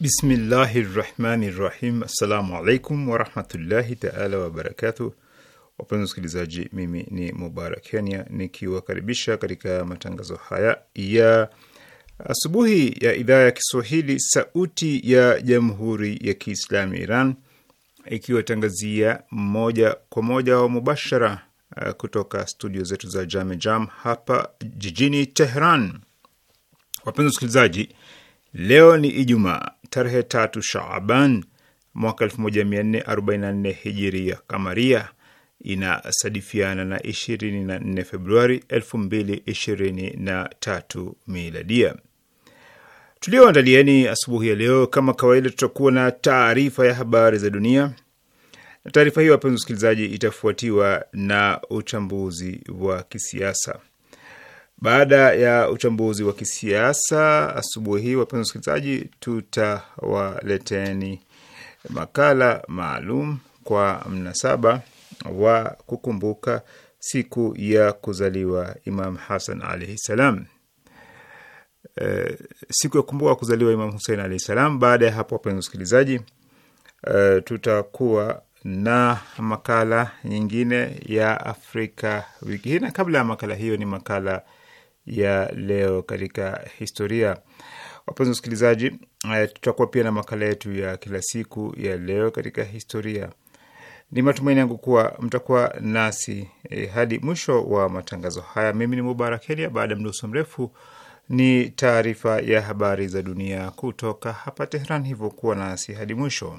Bismillahi rahmani rahim. Assalamu alaikum warahmatullahi taala wabarakatu. Wapenzi wasikilizaji, mimi ni Mubarak Kenya nikiwakaribisha katika matangazo haya ya asubuhi ya idhaa ya Kiswahili Sauti ya Jamhuri ya Kiislamu Iran ikiwatangazia moja kwa moja wa mubashara uh, kutoka studio zetu za Jam hapa jijini Tehran. Wapenzi wasikilizaji, leo ni Ijumaa tarehe tatu Shaaban mwaka 1444 hijiria kamaria inasadifiana na 24 Februari 2023 miladia. Tulioandalieni asubuhi ya leo, kama kawaida, tutakuwa na taarifa ya habari za dunia. na Taarifa hiyo, wapenzi usikilizaji itafuatiwa na uchambuzi wa kisiasa. Baada ya uchambuzi wa kisiasa asubuhi hii, wapenzi wasikilizaji, tutawaleteni makala maalum kwa mnasaba wa kukumbuka siku ya kuzaliwa Imam Hasan alaihi salam. E, siku ya kukumbuka kuzaliwa Imam Husein alaihi salam. Baada ya hapo, wapenzi wasikilizaji, e, tutakuwa na makala nyingine ya Afrika wiki hii, na kabla ya makala hiyo ni makala ya leo katika historia. Wapenzi wasikilizaji, eh, tutakuwa pia na makala yetu ya kila siku ya leo katika historia. Ni matumaini yangu kuwa mtakuwa nasi e, hadi mwisho wa matangazo haya. Mimi ni Mubarak kenya Baada ya mdoso mrefu ni taarifa ya habari za dunia kutoka hapa Tehran, hivyo kuwa nasi hadi mwisho.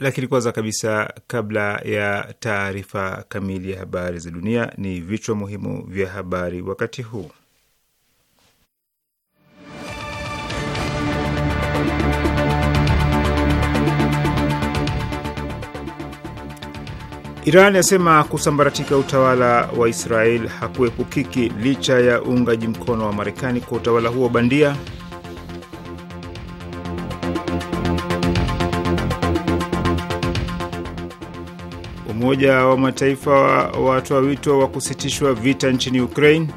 Lakini kwanza kabisa, kabla ya taarifa kamili ya habari za dunia, ni vichwa muhimu vya habari wakati huu. Iran yasema kusambaratika utawala wa Israel hakuepukiki licha ya uungaji mkono wa Marekani kwa utawala huo bandia. Umoja wa Mataifa watoa wito wa kusitishwa vita nchini Ukraine.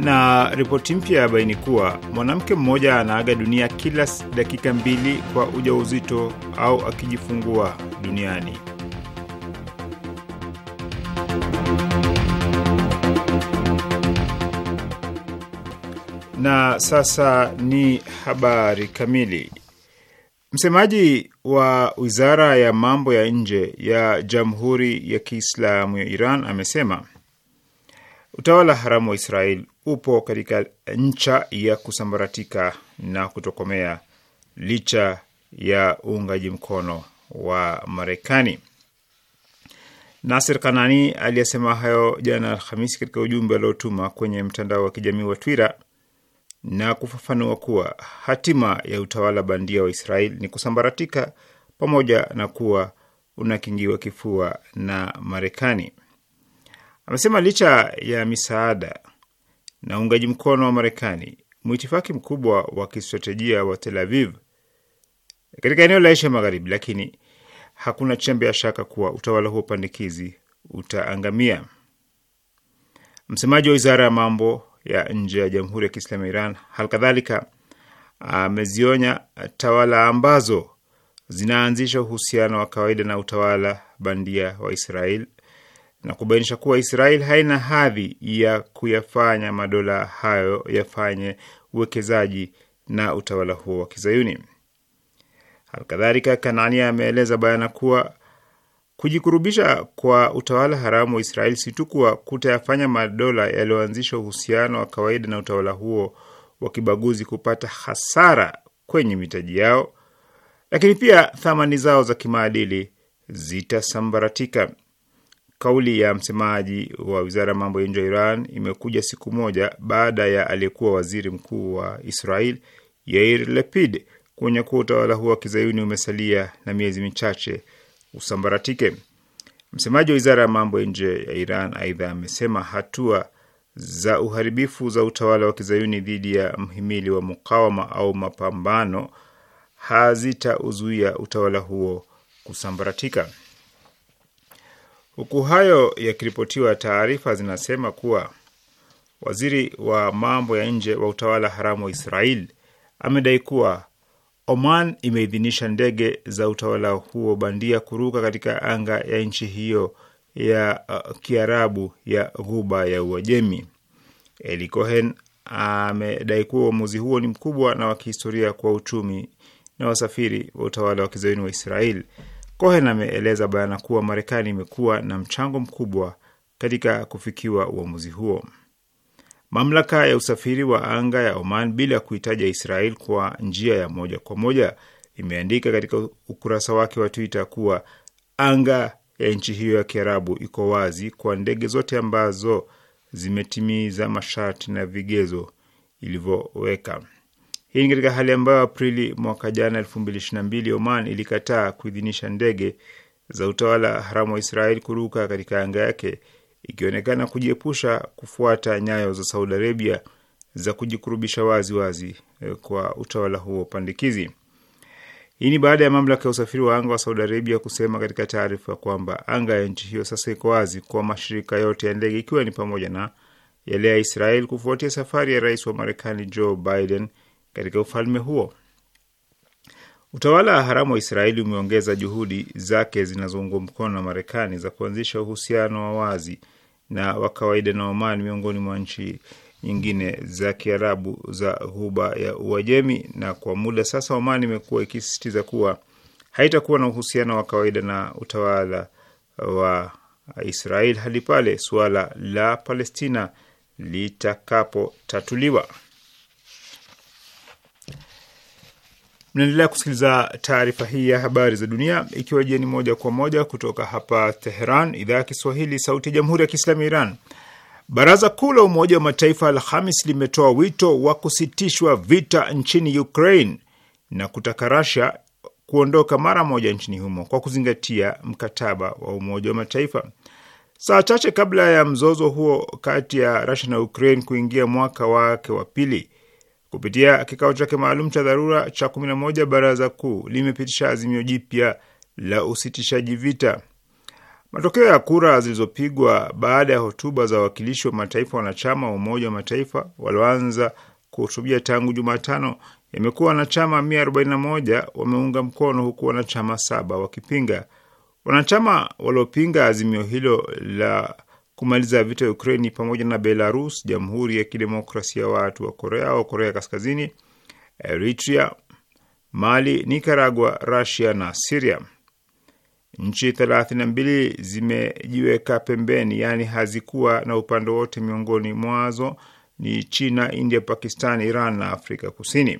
Na ripoti mpya yabaini kuwa mwanamke mmoja anaaga dunia kila dakika mbili kwa ujauzito au akijifungua duniani. Na sasa ni habari kamili. Msemaji wa wizara ya mambo ya nje ya Jamhuri ya Kiislamu ya Iran amesema utawala haramu wa Israel upo katika ncha ya kusambaratika na kutokomea licha ya uungaji mkono wa Marekani. Nasir Kanani aliyesema hayo jana Alhamisi katika ujumbe aliotuma kwenye mtandao wa kijamii wa Twitter na kufafanua kuwa hatima ya utawala bandia wa Israeli ni kusambaratika pamoja na kuwa unakingiwa kifua na Marekani. Amesema licha ya misaada na uungaji mkono wa Marekani, mwitifaki mkubwa wa kistratejia wa Tel Aviv katika eneo la Asia Magharibi, lakini hakuna chembe ya shaka kuwa utawala huo pandikizi utaangamia. Msemaji wa wizara ya mambo ya nje ya Jamhuri ya Kiislamu ya Iran. Halikadhalika amezionya tawala ambazo zinaanzisha uhusiano wa kawaida na utawala bandia wa Israel na kubainisha kuwa Israel haina hadhi ya kuyafanya madola hayo yafanye uwekezaji na utawala huo wa Kizayuni. Halikadhalika, Kanania ameeleza bayana kuwa Kujikurubisha kwa utawala haramu wa Israel si tu kuwa kutayafanya madola yaliyoanzisha uhusiano wa kawaida na utawala huo wa kibaguzi kupata hasara kwenye mitaji yao, lakini pia thamani zao za kimaadili zitasambaratika. Kauli ya msemaji wa wizara ya mambo ya nje ya Iran imekuja siku moja baada ya aliyekuwa waziri mkuu wa Israel Yair Lapid kuonya kuwa utawala huo wa kizayuni umesalia na miezi michache usambaratike. Msemaji wa wizara ya mambo ya nje ya Iran aidha amesema hatua za uharibifu za utawala wa kizayuni dhidi ya mhimili wa mukawama au mapambano hazitauzuia utawala huo kusambaratika. Huku hayo yakiripotiwa, taarifa zinasema kuwa waziri wa mambo ya nje wa utawala haramu wa Israel amedai kuwa Oman imeidhinisha ndege za utawala huo bandia kuruka katika anga ya nchi hiyo ya uh, Kiarabu ya Ghuba ya Uajemi. Eli Cohen amedai kuwa uamuzi huo ni mkubwa na wa kihistoria kwa uchumi na wasafiri wa utawala wa kizayuni wa israel Cohen ameeleza bayana kuwa Marekani imekuwa na mchango mkubwa katika kufikiwa uamuzi huo mamlaka ya usafiri wa anga ya Oman bila kuitaja Israel kwa njia ya moja kwa moja imeandika katika ukurasa wake wa Twitter kuwa anga ya nchi hiyo ya Kiarabu iko wazi kwa ndege zote ambazo zimetimiza masharti na vigezo ilivyoweka. Hii ni katika hali ambayo Aprili mwaka jana 2022 Oman ilikataa kuidhinisha ndege za utawala haramu wa Israel kuruka katika anga yake ikionekana kujiepusha kufuata nyayo za Saudi Arabia za kujikurubisha waziwazi wazi eh, kwa utawala huo pandikizi. Hii ni baada ya mamlaka ya usafiri wa anga wa Saudi Arabia kusema katika taarifa kwamba anga ya nchi hiyo sasa iko wazi kwa mashirika yote ya ndege ikiwa ni pamoja na yale ya Israel kufuatia safari ya rais wa Marekani Joe Biden katika ufalme huo. Utawala wa haramu wa Israeli umeongeza juhudi zake zinazoungwa mkono na Marekani za kuanzisha uhusiano wa wazi na wa kawaida na Oman miongoni mwa nchi nyingine za Kiarabu za Ghuba ya Uajemi. Na kwa muda sasa, Oman imekuwa ikisisitiza kuwa haitakuwa na uhusiano wa kawaida na utawala wa Israel hadi pale suala la Palestina litakapotatuliwa. Mnaendelea kusikiliza taarifa hii ya habari za dunia ikiwa jieni moja kwa moja kutoka hapa Teheran, idhaa ya Kiswahili, sauti ya jamhuri ya kiislamu ya Iran. Baraza Kuu la Umoja wa Mataifa Alhamis limetoa wito wa kusitishwa vita nchini Ukraine na kutaka Rasia kuondoka mara moja nchini humo kwa kuzingatia mkataba wa Umoja wa Mataifa. Saa chache kabla ya mzozo huo kati ya Rasia na Ukraine kuingia mwaka wake wa pili, Kupitia kikao chake maalum cha dharura cha 11 baraza kuu limepitisha azimio jipya la usitishaji vita. Matokeo ya kura zilizopigwa baada ya hotuba za wawakilishi wa mataifa wanachama wa Umoja wa Mataifa walioanza kuhutubia tangu Jumatano yamekuwa wanachama 141 wameunga mkono huku wanachama saba wakipinga. Wanachama waliopinga azimio hilo la kumaliza vita ya Ukraini pamoja na Belarus, Jamhuri ya Kidemokrasia ya Watu wa Korea au Korea Kaskazini, Eritrea, Mali, Nicaragua, Rusia na Siria. Nchi 32 zimejiweka pembeni, yaani hazikuwa na upande wote, miongoni mwazo ni China, India, Pakistan, Iran na Afrika Kusini.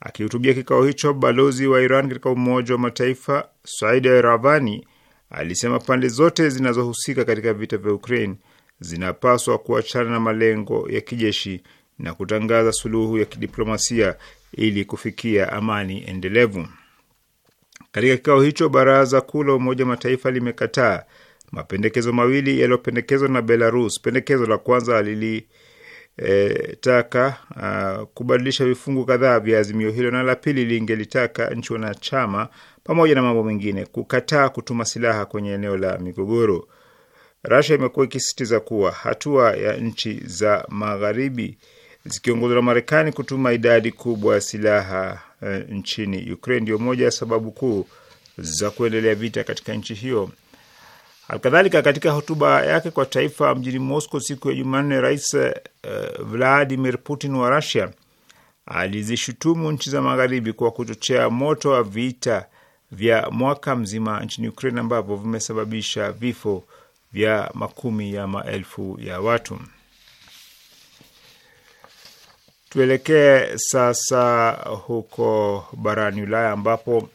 Akihutubia kikao hicho, balozi wa Iran katika Umoja wa Mataifa Said Ravani Alisema pande zote zinazohusika katika vita vya Ukraine zinapaswa kuachana na malengo ya kijeshi na kutangaza suluhu ya kidiplomasia ili kufikia amani endelevu. Katika kikao hicho, baraza kuu la Umoja Mataifa limekataa mapendekezo mawili yaliyopendekezwa na Belarus. Pendekezo la kwanza lilitaka e, kubadilisha vifungu kadhaa vya azimio hilo na la pili lingelitaka nchi wanachama pamoja na mambo mengine, kukataa kutuma silaha kwenye eneo la migogoro. rasia imekuwa ikisisitiza kuwa hatua ya nchi za magharibi zikiongozwa na Marekani kutuma idadi kubwa ya silaha e, nchini Ukraine ndio moja ya sababu kuu za kuendelea vita katika nchi hiyo. halkadhalika katika hotuba yake kwa taifa mjini Moscow siku ya Jumanne, Rais e, Vladimir Putin wa rasia alizishutumu nchi za magharibi kwa kuchochea moto wa vita vya mwaka mzima nchini Ukraine ambavyo vimesababisha vifo vya makumi ya maelfu ya watu. Tuelekee sasa huko barani Ulaya ambapo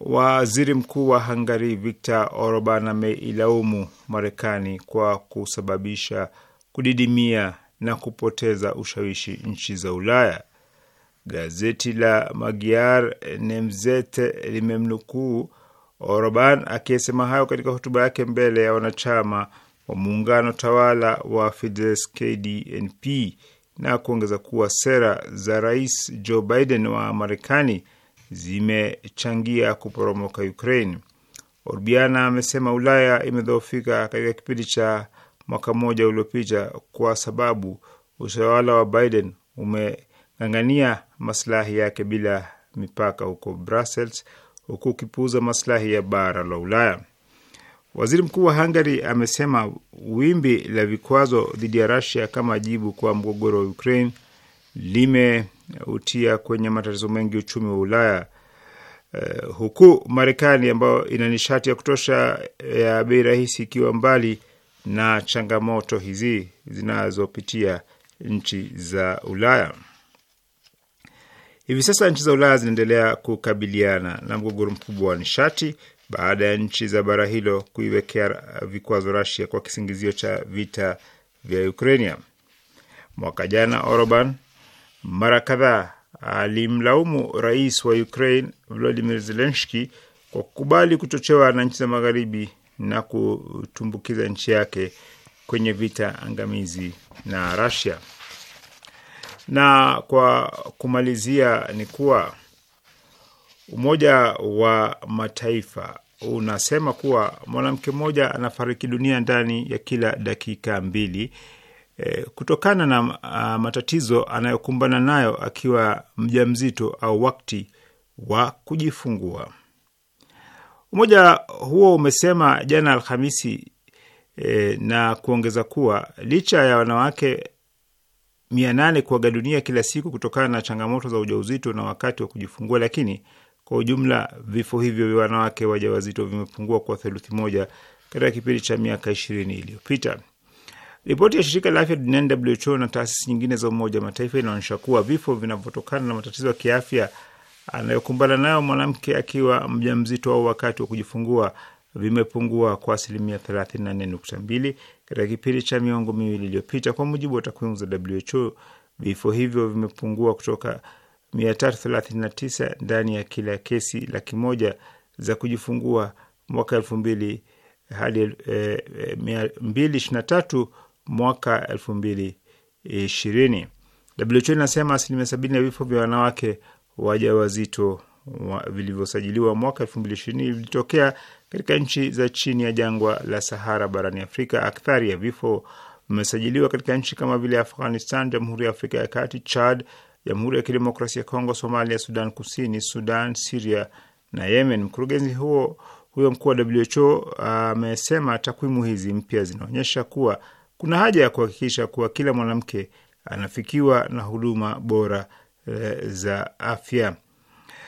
waziri mkuu wa Hungary Viktor Orban ameilaumu Marekani kwa kusababisha kudidimia na kupoteza ushawishi nchi za Ulaya. Gazeti la Magyar Nemzet limemnukuu Orban akisema hayo katika hotuba yake mbele ya wanachama wa muungano tawala wa Fidesz KDNP na kuongeza kuwa sera za Rais Joe Biden wa Marekani zimechangia kuporomoka Ukraine. Orbiana amesema Ulaya imedhoofika katika kipindi cha mwaka mmoja uliopita kwa sababu utawala wa Biden ume kung'ang'ania maslahi yake bila mipaka huko Brussels, huku ukipuuza maslahi ya bara la Ulaya. Waziri mkuu wa Hungary amesema wimbi la vikwazo dhidi ya Russia kama jibu kwa mgogoro wa Ukraine limeutia kwenye matatizo mengi uchumi wa Ulaya. Uh, huku Marekani ambayo ina nishati ya kutosha eh, ya bei rahisi ikiwa mbali na changamoto hizi zinazopitia nchi za Ulaya. Hivi sasa nchi za Ulaya zinaendelea kukabiliana na mgogoro mkubwa wa nishati baada ya nchi za bara hilo kuiwekea vikwazo Rasia kwa kisingizio cha vita vya Ukrainia. Mwaka jana, Orban mara kadhaa alimlaumu rais wa Ukraine Volodimir Zelenski kwa kukubali kuchochewa na nchi za magharibi na kutumbukiza nchi yake kwenye vita angamizi na Rasia. Na kwa kumalizia ni kuwa Umoja wa Mataifa unasema kuwa mwanamke mmoja anafariki dunia ndani ya kila dakika mbili e, kutokana na a, matatizo anayokumbana nayo akiwa mjamzito au wakati wa kujifungua. Umoja huo umesema jana Alhamisi e, na kuongeza kuwa licha ya wanawake mia nane kuaga dunia kila siku kutokana na changamoto za ujauzito na wakati wa kujifungua, lakini kwa ujumla vifo hivyo vya wanawake wajawazito vimepungua kwa theluthi moja katika kipindi cha miaka ishirini iliyopita. Ripoti ya shirika la afya duniani WHO na taasisi nyingine za Umoja wa Mataifa inaonyesha kuwa vifo vinavyotokana na matatizo ya kiafya anayokumbana nayo mwanamke akiwa mjamzito au wakati wa kujifungua vimepungua kwa asilimia 34.2 katika kipindi cha miongo miwili iliyopita, kwa mujibu wa takwimu za WHO. Vifo hivyo vimepungua kutoka 339 ndani ya kila kesi laki moja za kujifungua mwaka mbili hadi eh, eh, tatu mwaka 2020. WHO inasema asilimia sabini ya vifo vya wanawake wajawazito vilivyosajiliwa mwaka ishirini vilitokea katika nchi za chini ya jangwa la Sahara barani Afrika. Akthari ya vifo vimesajiliwa katika nchi kama vile Afghanistan, Jamhuri ya Afrika ya Kati, Chad, Jamhuri ya Kidemokrasia ya Kongo, Somalia, Sudan Kusini, Sudan, Siria na Yemen. Mkurugenzi huo huyo mkuu wa WHO amesema takwimu hizi mpya zinaonyesha kuwa kuna haja ya kuhakikisha kuwa kila mwanamke anafikiwa na huduma bora e, za afya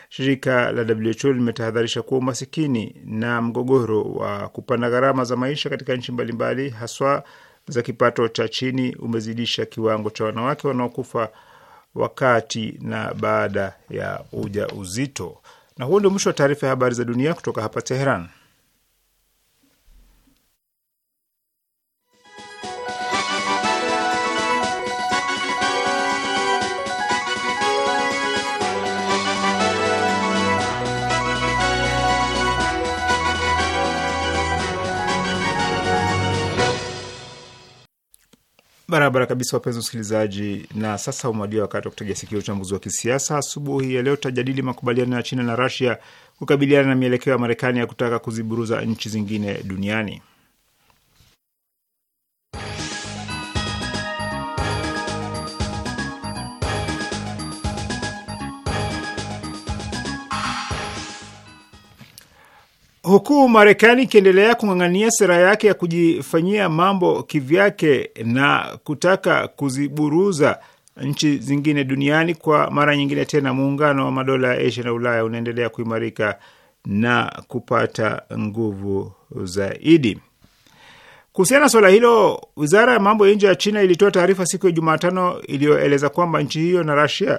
shirika la WHO limetahadharisha kuwa umasikini na mgogoro wa kupanda gharama za maisha katika nchi mbalimbali, haswa za kipato cha chini, umezidisha kiwango cha wanawake wanaokufa wakati na baada ya uja uzito Na huo ndio mwisho wa taarifa ya habari za dunia kutoka hapa Teheran. Barabara kabisa, wapenzi wasikilizaji, na sasa umewadia wakati wa kutegea sikio uchambuzi wa kisiasa asubuhi ya leo. Tutajadili makubaliano ya China na Rasia kukabiliana na mielekeo ya Marekani ya kutaka kuziburuza nchi zingine duniani. huku Marekani ikiendelea kung'ang'ania sera yake ya kujifanyia mambo kivyake na kutaka kuziburuza nchi zingine duniani. Kwa mara nyingine tena, muungano wa madola ya Asia na Ulaya unaendelea kuimarika na kupata nguvu zaidi. Kuhusiana na suala hilo, wizara ya mambo ya nje ya China ilitoa taarifa siku ya Jumatano iliyoeleza kwamba nchi hiyo na Rasia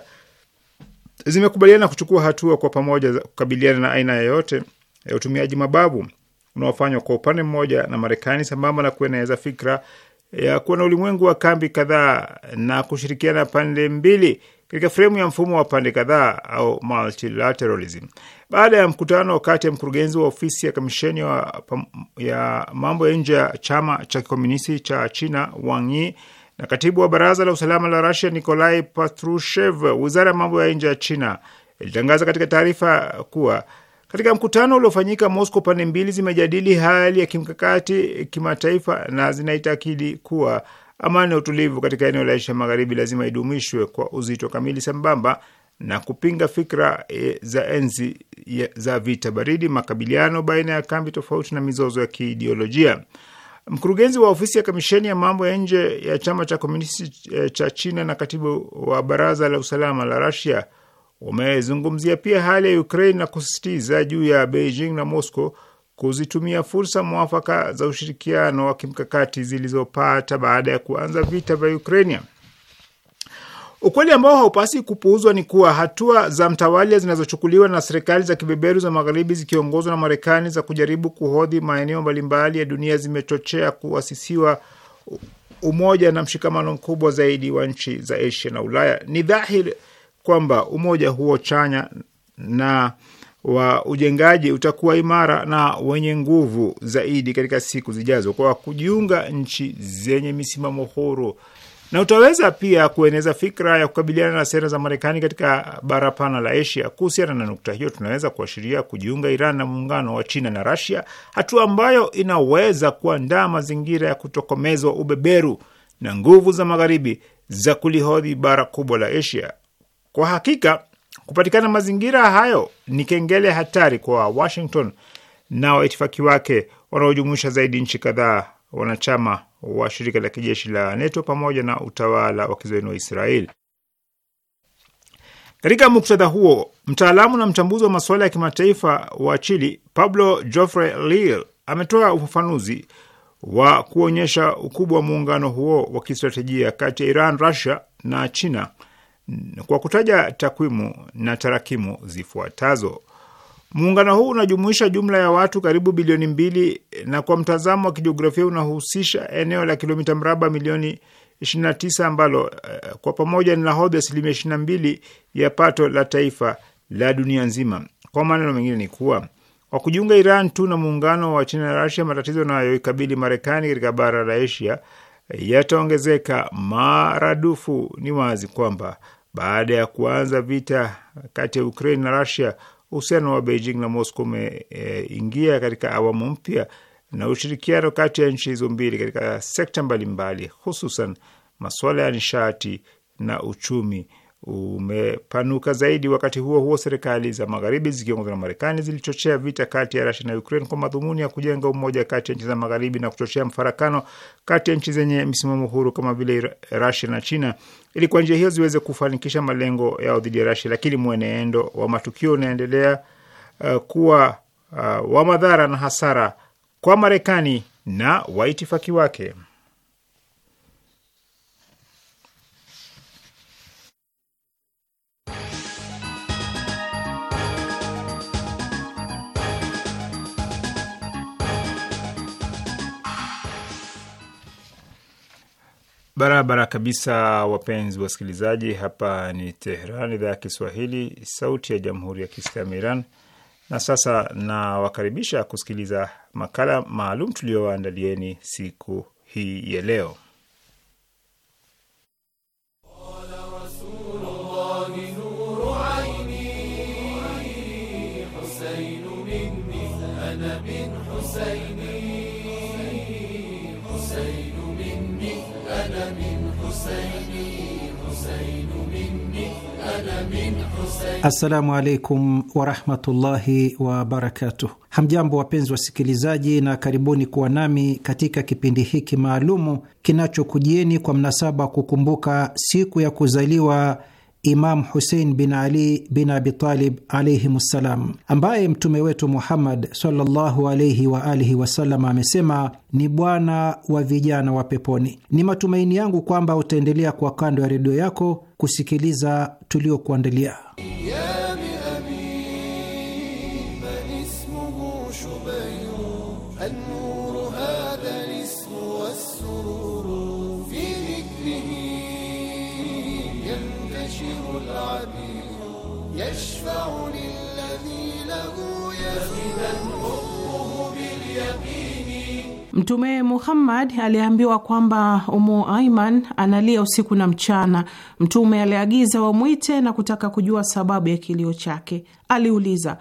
zimekubaliana kuchukua hatua kwa pamoja za kukabiliana na aina yoyote ya utumiaji mabavu unaofanywa kwa upande mmoja na Marekani sambamba na kueneza fikra ya kuwa na ulimwengu wa kambi kadhaa na kushirikiana pande mbili katika fremu ya mfumo wa pande kadhaa au multilateralism. Baada ya mkutano kati ya mkurugenzi wa ofisi ya kamisheni wa, ya mambo ya nje ya chama cha kikomunisti cha China Wang Yi na katibu wa baraza la usalama la Rusia Nikolai Patrushev, wizara ya mambo ya nje ya China ilitangaza katika taarifa kuwa katika mkutano uliofanyika Moscow, pande mbili zimejadili hali ya kimkakati kimataifa na zinaitakidi kuwa amani na utulivu katika eneo la Asia Magharibi lazima idumishwe kwa uzito kamili, sambamba na kupinga fikra e, za enzi e, za vita baridi, makabiliano baina ya kambi tofauti na mizozo ya kiidiolojia. Mkurugenzi wa ofisi ya kamisheni ya mambo ya nje ya chama cha komunisti e, cha China na katibu wa baraza la usalama la Rasia Wamezungumzia pia hali ya Ukraine na kusisitiza juu ya Beijing na Moscow kuzitumia fursa mwafaka za ushirikiano wa kimkakati zilizopata baada ya kuanza vita vya Ukraine. Ukweli ambao haupasi kupuuzwa ni kuwa hatua za mtawalia zinazochukuliwa na serikali za kibeberu za magharibi zikiongozwa na Marekani za kujaribu kuhodhi maeneo mbalimbali ya dunia zimechochea kuasisiwa umoja na mshikamano mkubwa zaidi wa nchi za Asia na Ulaya. Ni dhahiri kwamba umoja huo chanya na wa ujengaji utakuwa imara na wenye nguvu zaidi katika siku zijazo kwa kujiunga nchi zenye misimamo huru, na utaweza pia kueneza fikra ya kukabiliana na sera za Marekani katika bara pana la Asia. Kuhusiana na nukta hiyo, tunaweza kuashiria kujiunga Iran na muungano wa China na Rasia, hatua ambayo inaweza kuandaa mazingira ya kutokomezwa ubeberu na nguvu za magharibi za kulihodhi bara kubwa la Asia. Kwa hakika kupatikana mazingira hayo ni kengele hatari kwa Washington na waitifaki wake wanaojumuisha zaidi nchi kadhaa wanachama wa shirika la kijeshi la NATO pamoja na utawala wa kizayuni wa Israeli. Katika muktadha huo, mtaalamu na mchambuzi wa masuala ya kimataifa wa Chile Pablo Jofre Lil ametoa ufafanuzi wa kuonyesha ukubwa wa muungano huo wa kistratejia kati ya Iran, Russia na China kwa kutaja takwimu na tarakimu zifuatazo. Muungano huu unajumuisha jumla ya watu karibu bilioni mbili na kwa mtazamo wa kijiografia unahusisha eneo la kilomita mraba milioni 29 ambalo eh, kwa pamoja ni lahodhi asilimia 22 ya pato la taifa la dunia nzima. Kwa maneno mengine ni kuwa kwa kujiunga Iran tu na muungano wa China na Rasia, matatizo yanayoikabili Marekani katika bara la Asia yataongezeka maradufu. Ni wazi kwamba baada ya kuanza vita kati ya Ukraine na Rusia, uhusiano wa Beijing na Moscow umeingia e, katika awamu mpya na ushirikiano kati ya nchi hizo mbili katika sekta mbalimbali, hususan masuala ya nishati na uchumi umepanuka zaidi. Wakati huo huo, serikali za magharibi zikiongozwa na Marekani zilichochea vita kati ya rasia na Ukraine kwa madhumuni ya kujenga umoja kati ya nchi za magharibi na kuchochea mfarakano kati ya nchi zenye msimamo huru kama vile Rusia na China ili kwa njia hiyo ziweze kufanikisha malengo yao dhidi ya Rasia. Lakini mwenendo wa matukio unaendelea uh, kuwa uh, wa madhara na hasara kwa Marekani na waitifaki wake. Barabara kabisa, wapenzi wasikilizaji, hapa ni Tehran, idhaa ya Kiswahili, sauti ya jamhuri ya kiislamu Iran. Na sasa nawakaribisha kusikiliza makala maalum tuliyoandalieni siku hii ya leo. Assalamu alaikum warahmatullahi wabarakatuh. Hamjambo wapenzi wasikilizaji, na karibuni kuwa nami katika kipindi hiki maalumu kinachokujieni kwa mnasaba wa kukumbuka siku ya kuzaliwa Imam Husein bin Ali bin Abitalib alaihim ssalam, ambaye mtume wetu Muhammad sallallahu alaihi wa alihi wasallam amesema ni bwana wa vijana wa peponi. Ni matumaini yangu kwamba utaendelea kwa kando ya redio yako kusikiliza tuliokuandalia yeah. Mtume Muhammad aliambiwa kwamba Umu Aiman analia usiku na mchana. Mtume aliagiza wamwite na kutaka kujua sababu ya kilio chake. Aliuliza,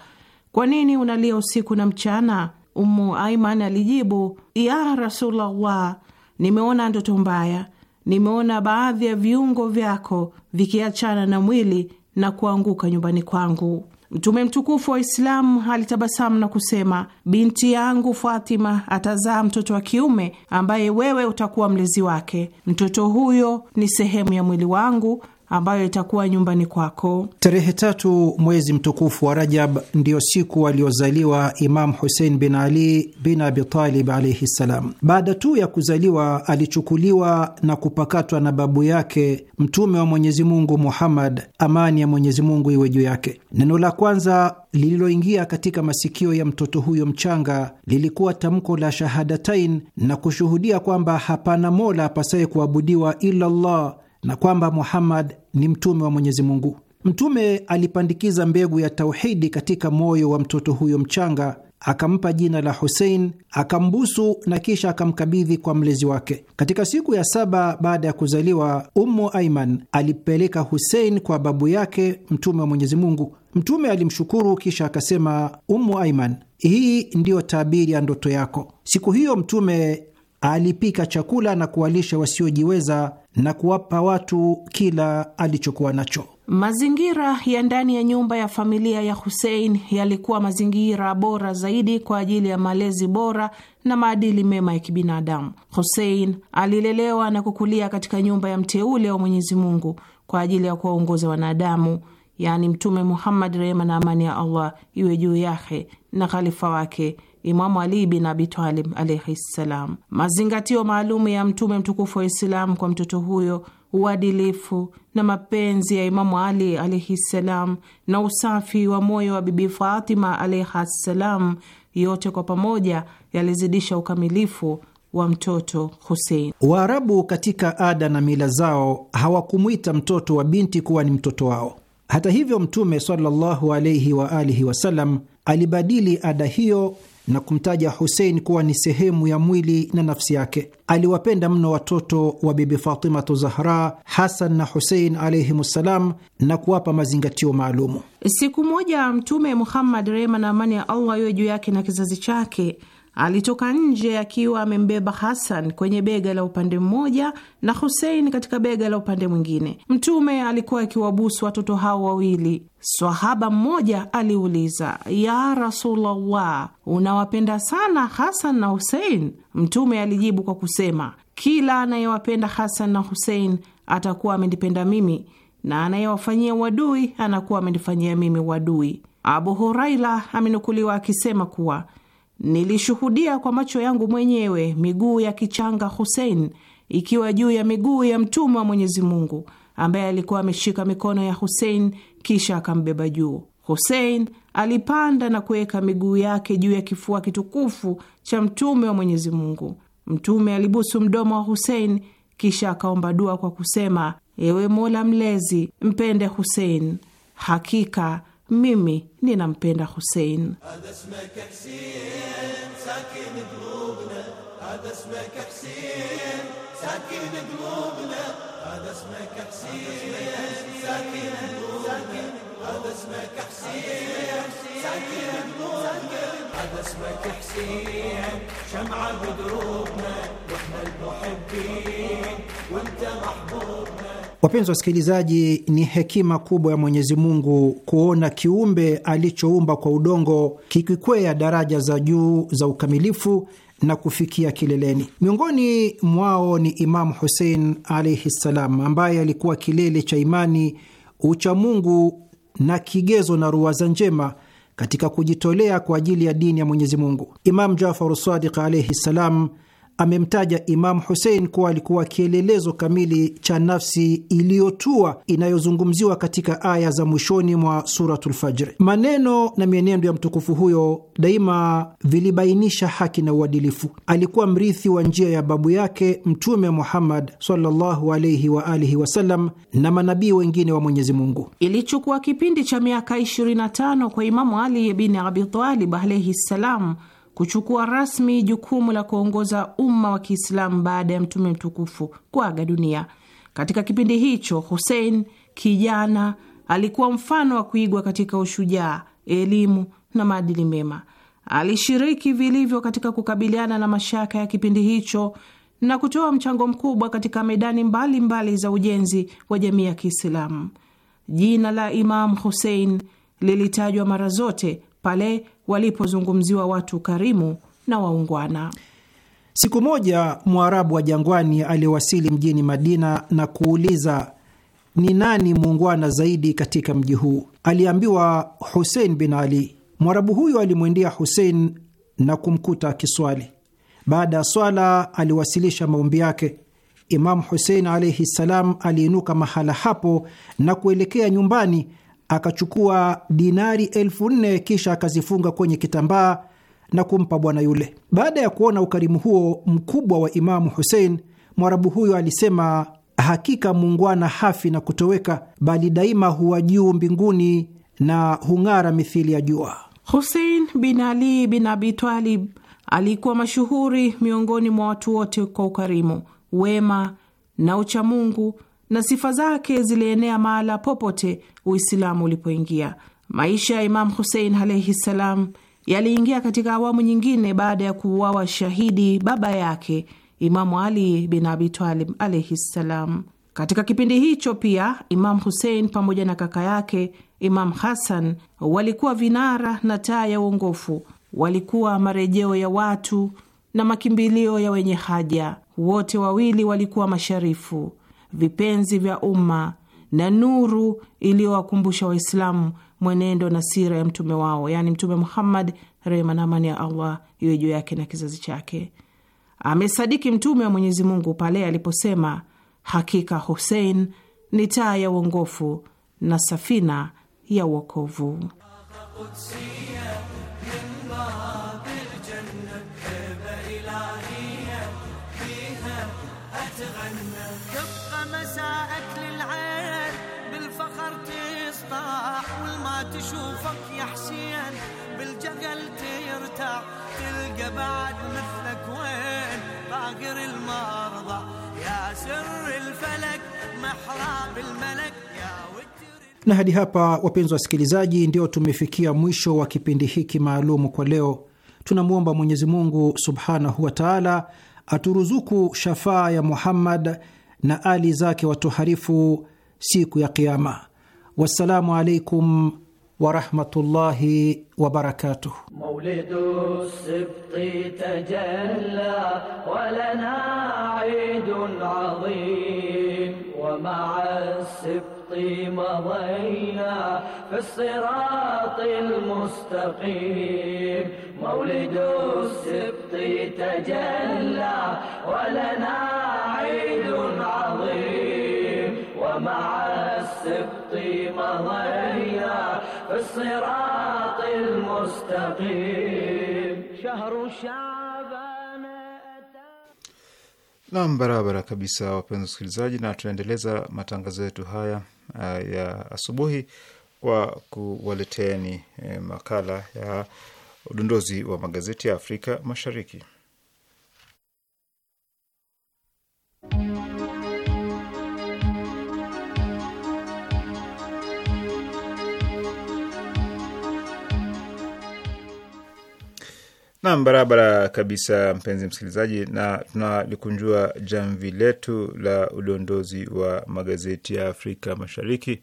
kwa nini unalia usiku na mchana? Umu Aiman alijibu, ya Rasulullah, nimeona ndoto mbaya. Nimeona baadhi ya viungo vyako vikiachana na mwili na kuanguka nyumbani kwangu. Mtume mtukufu wa Islamu alitabasamu na kusema, binti yangu Fatima atazaa mtoto wa kiume ambaye wewe utakuwa mlezi wake. Mtoto huyo ni sehemu ya mwili wangu ambayo itakuwa nyumbani kwako. Tarehe tatu mwezi mtukufu wa Rajab ndiyo siku aliyozaliwa Imam Husein bin Ali bin Abitalib alaihi ssalam. Baada tu ya kuzaliwa, alichukuliwa na kupakatwa na babu yake Mtume wa Mwenyezi Mungu Muhammad, amani ya Mwenyezi Mungu iwe juu yake. Neno la kwanza lililoingia katika masikio ya mtoto huyo mchanga lilikuwa tamko la shahadatain na kushuhudia kwamba hapana mola apasaye kuabudiwa illallah na kwamba Muhammad ni mtume wa Mwenyezi Mungu. Mtume alipandikiza mbegu ya tauhidi katika moyo wa mtoto huyo mchanga, akampa jina la Husein, akambusu na kisha akamkabidhi kwa mlezi wake. Katika siku ya saba baada ya kuzaliwa, Ummu Aiman alipeleka Husein kwa babu yake, mtume wa Mwenyezi Mungu. Mtume alimshukuru kisha akasema, Ummu Aiman, hii ndiyo tabiri ya ndoto yako. Siku hiyo Mtume alipika chakula na kuwalisha wasiojiweza na kuwapa watu kila alichokuwa nacho. Mazingira ya ndani ya nyumba ya familia ya husein yalikuwa mazingira bora zaidi kwa ajili ya malezi bora na maadili mema ya kibinadamu. husein alilelewa na kukulia katika nyumba ya mteule wa Mwenyezi Mungu kwa ajili ya kuwaongoza wanadamu, yaani Mtume Muhammad, rehema na amani ya Allah iwe juu yake na khalifa wake Imamu Ali bin Abi Talib alaihi ssalam. Mazingatio maalumu ya Mtume mtukufu wa Islamu kwa mtoto huyo, uadilifu na mapenzi ya Imamu Ali alaihi ssalam, na usafi wa moyo wa Bibi Fatima alaihi ssalam, yote kwa pamoja yalizidisha ukamilifu wa mtoto Husein. Waarabu katika ada na mila zao hawakumwita mtoto wa binti kuwa ni mtoto wao. Hata hivyo, Mtume sallallahu alaihi waalihi wasalam alibadili ada hiyo na kumtaja Husein kuwa ni sehemu ya mwili na nafsi yake. Aliwapenda mno watoto wa Bibi Fatimatu Zahra, Hasan na Husein alayhim ssalam, na kuwapa mazingatio maalumu. Siku moja Mtume Muhammad, rehma na amani ya Allah iwe juu yake na kizazi chake Alitoka nje akiwa amembeba Hasan kwenye bega la upande mmoja na Husein katika bega la upande mwingine. Mtume alikuwa akiwabusu watoto hao wawili. Swahaba mmoja aliuliza, ya Rasulullah, unawapenda sana Hasan na Husein? Mtume alijibu kwa kusema, kila anayewapenda Hasan na Husein atakuwa amenipenda mimi na anayewafanyia uadui anakuwa amenifanyia mimi uadui. Abu Huraira amenukuliwa akisema kuwa Nilishuhudia kwa macho yangu mwenyewe miguu ya kichanga Husein ikiwa juu ya miguu ya mtumwa wa Mwenyezi Mungu ambaye alikuwa ameshika mikono ya Husein kisha akambeba juu. Husein alipanda na kuweka miguu yake juu ya kifua kitukufu cha mtume wa Mwenyezi Mungu. Mtume alibusu mdomo wa Husein kisha akaomba dua kwa kusema: ewe Mola Mlezi, mpende Husein, hakika mimi ninampenda Hussein. هذا اسمك حسين شمعة بدروبنا واحنا المحبين وانت محبوب Wapenzi wasikilizaji, ni hekima kubwa ya Mwenyezi Mungu kuona kiumbe alichoumba kwa udongo kikikwea daraja za juu za ukamilifu na kufikia kileleni. Miongoni mwao ni Imamu Husein alaihi ssalam, ambaye alikuwa kilele cha imani, uchamungu na kigezo na ruwaza njema katika kujitolea kwa ajili ya dini ya Mwenyezi Mungu. Imamu Jafar Sadiq alaihi ssalam amemtaja Imamu Husein kuwa alikuwa kielelezo kamili cha nafsi iliyotua inayozungumziwa katika aya za mwishoni mwa Suratul Fajri. Maneno na mienendo ya mtukufu huyo daima vilibainisha haki na uadilifu. Alikuwa mrithi wa njia ya babu yake Mtume Muhammad sallallahu wa alihi wasallam na manabii wengine wa Mwenyezi Mungu. Ilichukua kipindi cha miaka 25 kwa Imamu Ali bin Abi Talib alaihi salam kuchukua rasmi jukumu la kuongoza umma wa Kiislamu baada ya mtume mtukufu kuaga dunia. Katika kipindi hicho, husein kijana alikuwa mfano wa kuigwa katika ushujaa, elimu na maadili mema. Alishiriki vilivyo katika kukabiliana na mashaka ya kipindi hicho na kutoa mchango mkubwa katika medani mbalimbali mbali za ujenzi wa jamii ya Kiislamu. Jina la Imam husein lilitajwa mara zote pale walipozungumziwa watu karimu na waungwana. Siku moja Mwarabu wa jangwani aliwasili mjini Madina na kuuliza ni nani muungwana zaidi katika mji huu? Aliambiwa Husein bin Ali. Mwarabu huyo alimwendea Husein na kumkuta akiswali. Baada ya swala, aliwasilisha maombi yake. Imamu Husein alaihi ssalam aliinuka mahala hapo na kuelekea nyumbani akachukua dinari elfu nne kisha akazifunga kwenye kitambaa na kumpa bwana yule. Baada ya kuona ukarimu huo mkubwa wa Imamu Husein, Mwarabu huyo alisema, hakika muungwana hafi na kutoweka, bali daima huwa juu mbinguni na hung'ara mithili ya jua. Husein bin Ali bin Abi Talib alikuwa mashuhuri miongoni mwa watu wote kwa ukarimu, wema na uchamungu na sifa zake zilienea mahala popote Uislamu ulipoingia. Maisha ya Imamu Husein alaihi ssalam yaliingia katika awamu nyingine baada ya kuuawa shahidi baba yake Imamu Ali bin Abitalib alaihi ssalam. Katika kipindi hicho pia imam Husein pamoja na kaka yake Imamu Hasan walikuwa vinara na taa ya uongofu, walikuwa marejeo ya watu na makimbilio ya wenye haja. Wote wawili walikuwa masharifu vipenzi vya umma na nuru iliyowakumbusha Waislamu mwenendo na sira ya mtume wao, yaani Mtume Muhammad, rehma na amani ya Allah iwe juu yake na kizazi chake. Amesadiki mtume wa Mwenyezi Mungu pale aliposema, hakika Husein ni taa ya uongofu na safina ya uokovu. Na hadi hapa, wapenzi wasikilizaji, ndio tumefikia mwisho wa kipindi hiki maalum kwa leo. Tunamwomba Mwenyezi Mungu subhanahu wa taala aturuzuku shafaa ya Muhammad na ali zake watoharifu siku ya Kiama. Wassalamu alaikum ورحمة الله وبركاته مولد السبط تجلى ولنا عيد عظيم ومع السبط مضينا في الصراط المستقيم مولد السبط تجلى ولنا عيد عظيم ومع سبطي مضيا الصراط المستقيم شهر شعبان nam, barabara kabisa wapenzi wasikilizaji, na tunaendeleza matangazo yetu haya uh, ya asubuhi kwa kuwaleteni eh, makala ya udondozi wa magazeti ya Afrika Mashariki. Nam, barabara kabisa, mpenzi msikilizaji, na tunalikunjua jamvi letu la udondozi wa magazeti ya Afrika Mashariki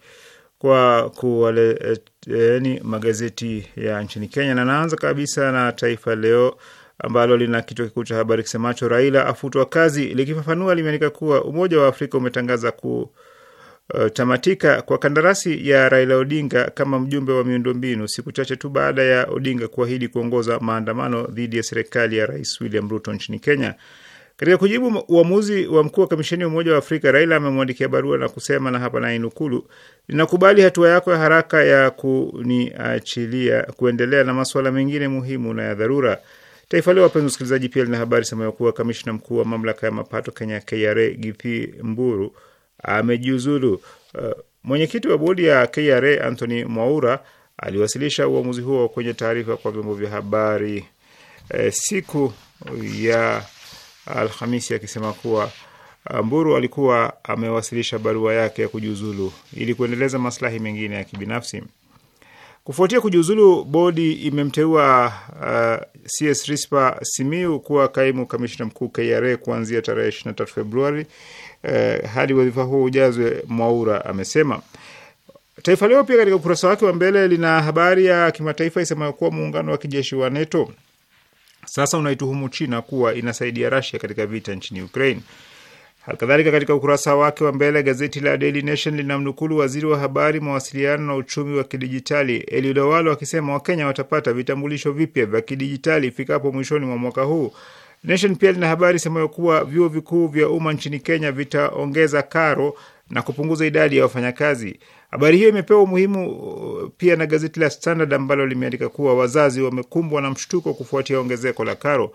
kwa kuwaleteeni magazeti ya nchini Kenya, na naanza kabisa na Taifa Leo ambalo lina kichwa kikuu cha habari kisemacho Raila afutwa kazi. Likifafanua, limeandika kuwa Umoja wa Afrika umetangaza ku Eh, tamatika kwa kandarasi ya Raila Odinga kama mjumbe wa miundombinu siku chache tu baada ya Odinga kuahidi kuongoza maandamano dhidi ya serikali ya Rais William Ruto nchini Kenya. Katika kujibu uamuzi wa mkuu wa kamisheni ya Umoja wa Afrika, Raila amemwandikia barua na kusema, na hapa nainukulu, ninakubali hatua yako ya haraka ya kuniachilia kuendelea na masuala mengine muhimu na ya dharura. Taifa Leo, wapenzi wasikilizaji, pia lina habari semayo kuwa kamishna mkuu wa mamlaka ya mapato Kenya KRA Githi Mburu amejiuzulu. Uh, mwenyekiti wa bodi ya KRA Anthony Mwaura aliwasilisha uamuzi huo kwenye taarifa kwa vyombo vya habari e, siku ya Alhamisi akisema kuwa uh, Mburu alikuwa amewasilisha barua yake ya kujiuzulu ili kuendeleza maslahi mengine ya kibinafsi. Kufuatia kujiuzulu, bodi imemteua uh, CS Rispa Simiu kuwa kaimu kamishna mkuu KRA kuanzia tarehe 23 Februari eh, hadi wadhifa huo ujazwe. Mwaura amesema. Taifa Leo pia katika ukurasa wake wa mbele lina habari ya kimataifa isemayo kuwa muungano wa kijeshi wa NATO sasa unaituhumu China kuwa inasaidia Rasia katika vita nchini Ukraine. Halikadhalika, katika ukurasa wake wa mbele gazeti la Daily Nation linamnukulu waziri wa habari, mawasiliano na uchumi wa kidijitali Eliud Owalo akisema Wakenya watapata vitambulisho vipya vya kidijitali ifikapo mwishoni mwa mwaka huu. Nation pia lina habari semayo kuwa vyuo vikuu vya umma nchini Kenya vitaongeza karo na kupunguza idadi ya wafanyakazi. Habari hiyo imepewa umuhimu uh, pia na gazeti la Standard ambalo limeandika kuwa wazazi wamekumbwa na mshtuko kufuatia ongezeko la karo.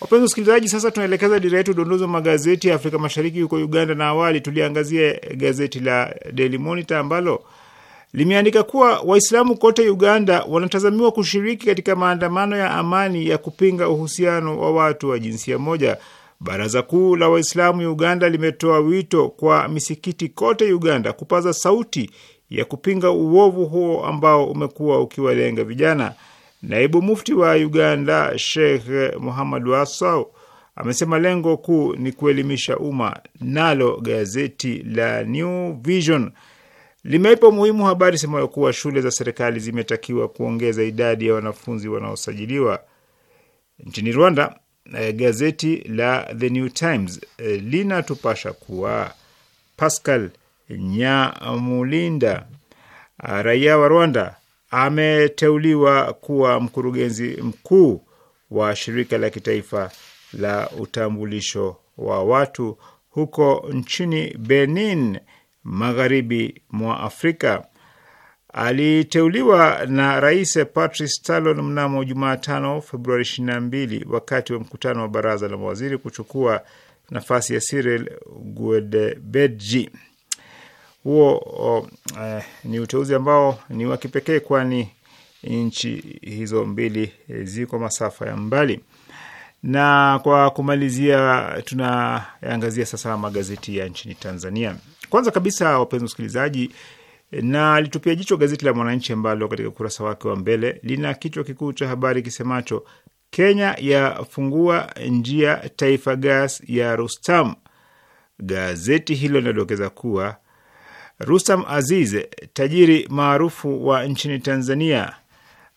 Wapenzi wasikilizaji, sasa tunaelekeza dira yetu udondozi wa magazeti ya Afrika Mashariki huko Uganda, na awali tuliangazia gazeti la Daily Monitor ambalo limeandika kuwa Waislamu kote Uganda wanatazamiwa kushiriki katika maandamano ya amani ya kupinga uhusiano wa watu wa jinsia moja. Baraza Kuu la Waislamu Uganda limetoa wito kwa misikiti kote Uganda kupaza sauti ya kupinga uovu huo ambao umekuwa ukiwalenga vijana. Naibu mufti wa Uganda Sheikh Muhammad Wasau amesema lengo kuu ni kuelimisha umma. Nalo gazeti la New Vision limeipa umuhimu habari semayo kuwa shule za serikali zimetakiwa kuongeza idadi ya wanafunzi wanaosajiliwa. Nchini Rwanda, eh, gazeti la The New Times eh, linatupasha kuwa Pascal Nyamulinda, eh, raia wa Rwanda, ameteuliwa kuwa mkurugenzi mkuu wa shirika la kitaifa la utambulisho wa watu huko nchini Benin magharibi mwa Afrika. Aliteuliwa na Rais Patrice Talon mnamo Jumatano, Februari 22 wakati wa mkutano wa baraza la mawaziri kuchukua nafasi ya Cyril Guedebedji. Huo oh, eh, ni uteuzi ambao ni wa kipekee kwani nchi hizo mbili ziko masafa ya mbali. Na kwa kumalizia, tunaangazia sasa magazeti ya nchini Tanzania. Kwanza kabisa, wapenzi wasikilizaji, na litupia jicho gazeti la Mwananchi ambalo katika ukurasa wake wa mbele lina kichwa kikuu cha habari kisemacho Kenya yafungua njia Taifa Gas ya Rustam. Gazeti hilo linadokeza kuwa Rustam Aziz, tajiri maarufu wa nchini Tanzania,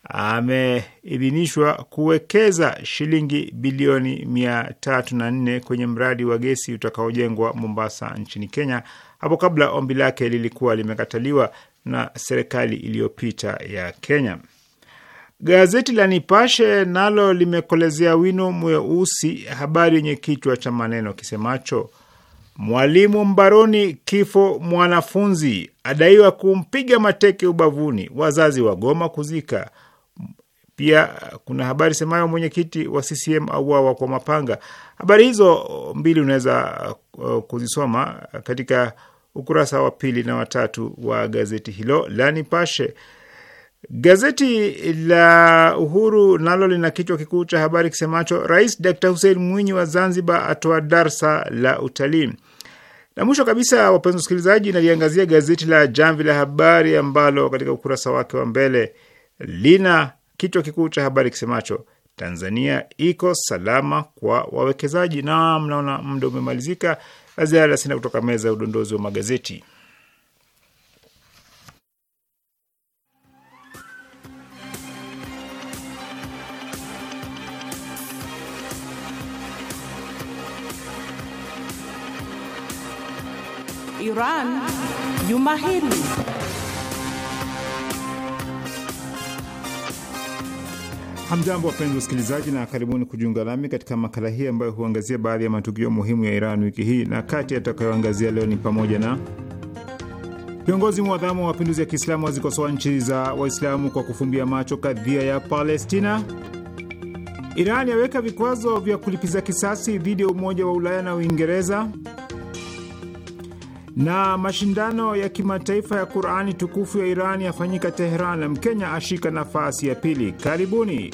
ameidhinishwa kuwekeza shilingi bilioni mia tatu na nne kwenye mradi wa gesi utakaojengwa Mombasa nchini Kenya. Hapo kabla ombi lake lilikuwa limekataliwa na serikali iliyopita ya Kenya. Gazeti la Nipashe nalo limekolezea wino mweusi habari yenye kichwa cha maneno kisemacho mwalimu mbaroni kifo mwanafunzi adaiwa kumpiga mateke ubavuni, wazazi wagoma kuzika pia kuna habari semayo mwenyekiti wa CCM auawa kwa mapanga. Habari hizo mbili unaweza uh, kuzisoma katika ukurasa wa pili na watatu wa gazeti hilo la Nipashe. Gazeti la Uhuru nalo lina kichwa kikuu cha habari kisemacho Rais Dr Hussein Mwinyi wa Zanzibar atoa darsa la utalii. Na mwisho kabisa, wapenzi wasikilizaji, naliangazia gazeti la Jamvi la Habari ambalo katika ukurasa wake wa mbele lina kichwa kikuu cha habari kisemacho Tanzania iko salama kwa wawekezaji. Na mnaona muda umemalizika, la ziada sina kutoka meza ya udondozi wa magazeti. Iran juma hili Hamjambo, wapenzi wasikilizaji, na karibuni kujiunga nami katika makala hii ambayo huangazia baadhi ya matukio muhimu ya Iran wiki hii, na kati yatakayoangazia leo ni pamoja na viongozi mwadhamu wa mapinduzi ya Kiislamu wazikosoa nchi za Waislamu kwa kufumbia macho kadhia ya Palestina, Iran yaweka vikwazo vya kulipiza kisasi dhidi ya Umoja wa Ulaya na Uingereza, na mashindano ya kimataifa ya Qurani tukufu ya Iran yafanyika Teheran. Mkenya ashika nafasi ya pili. Karibuni.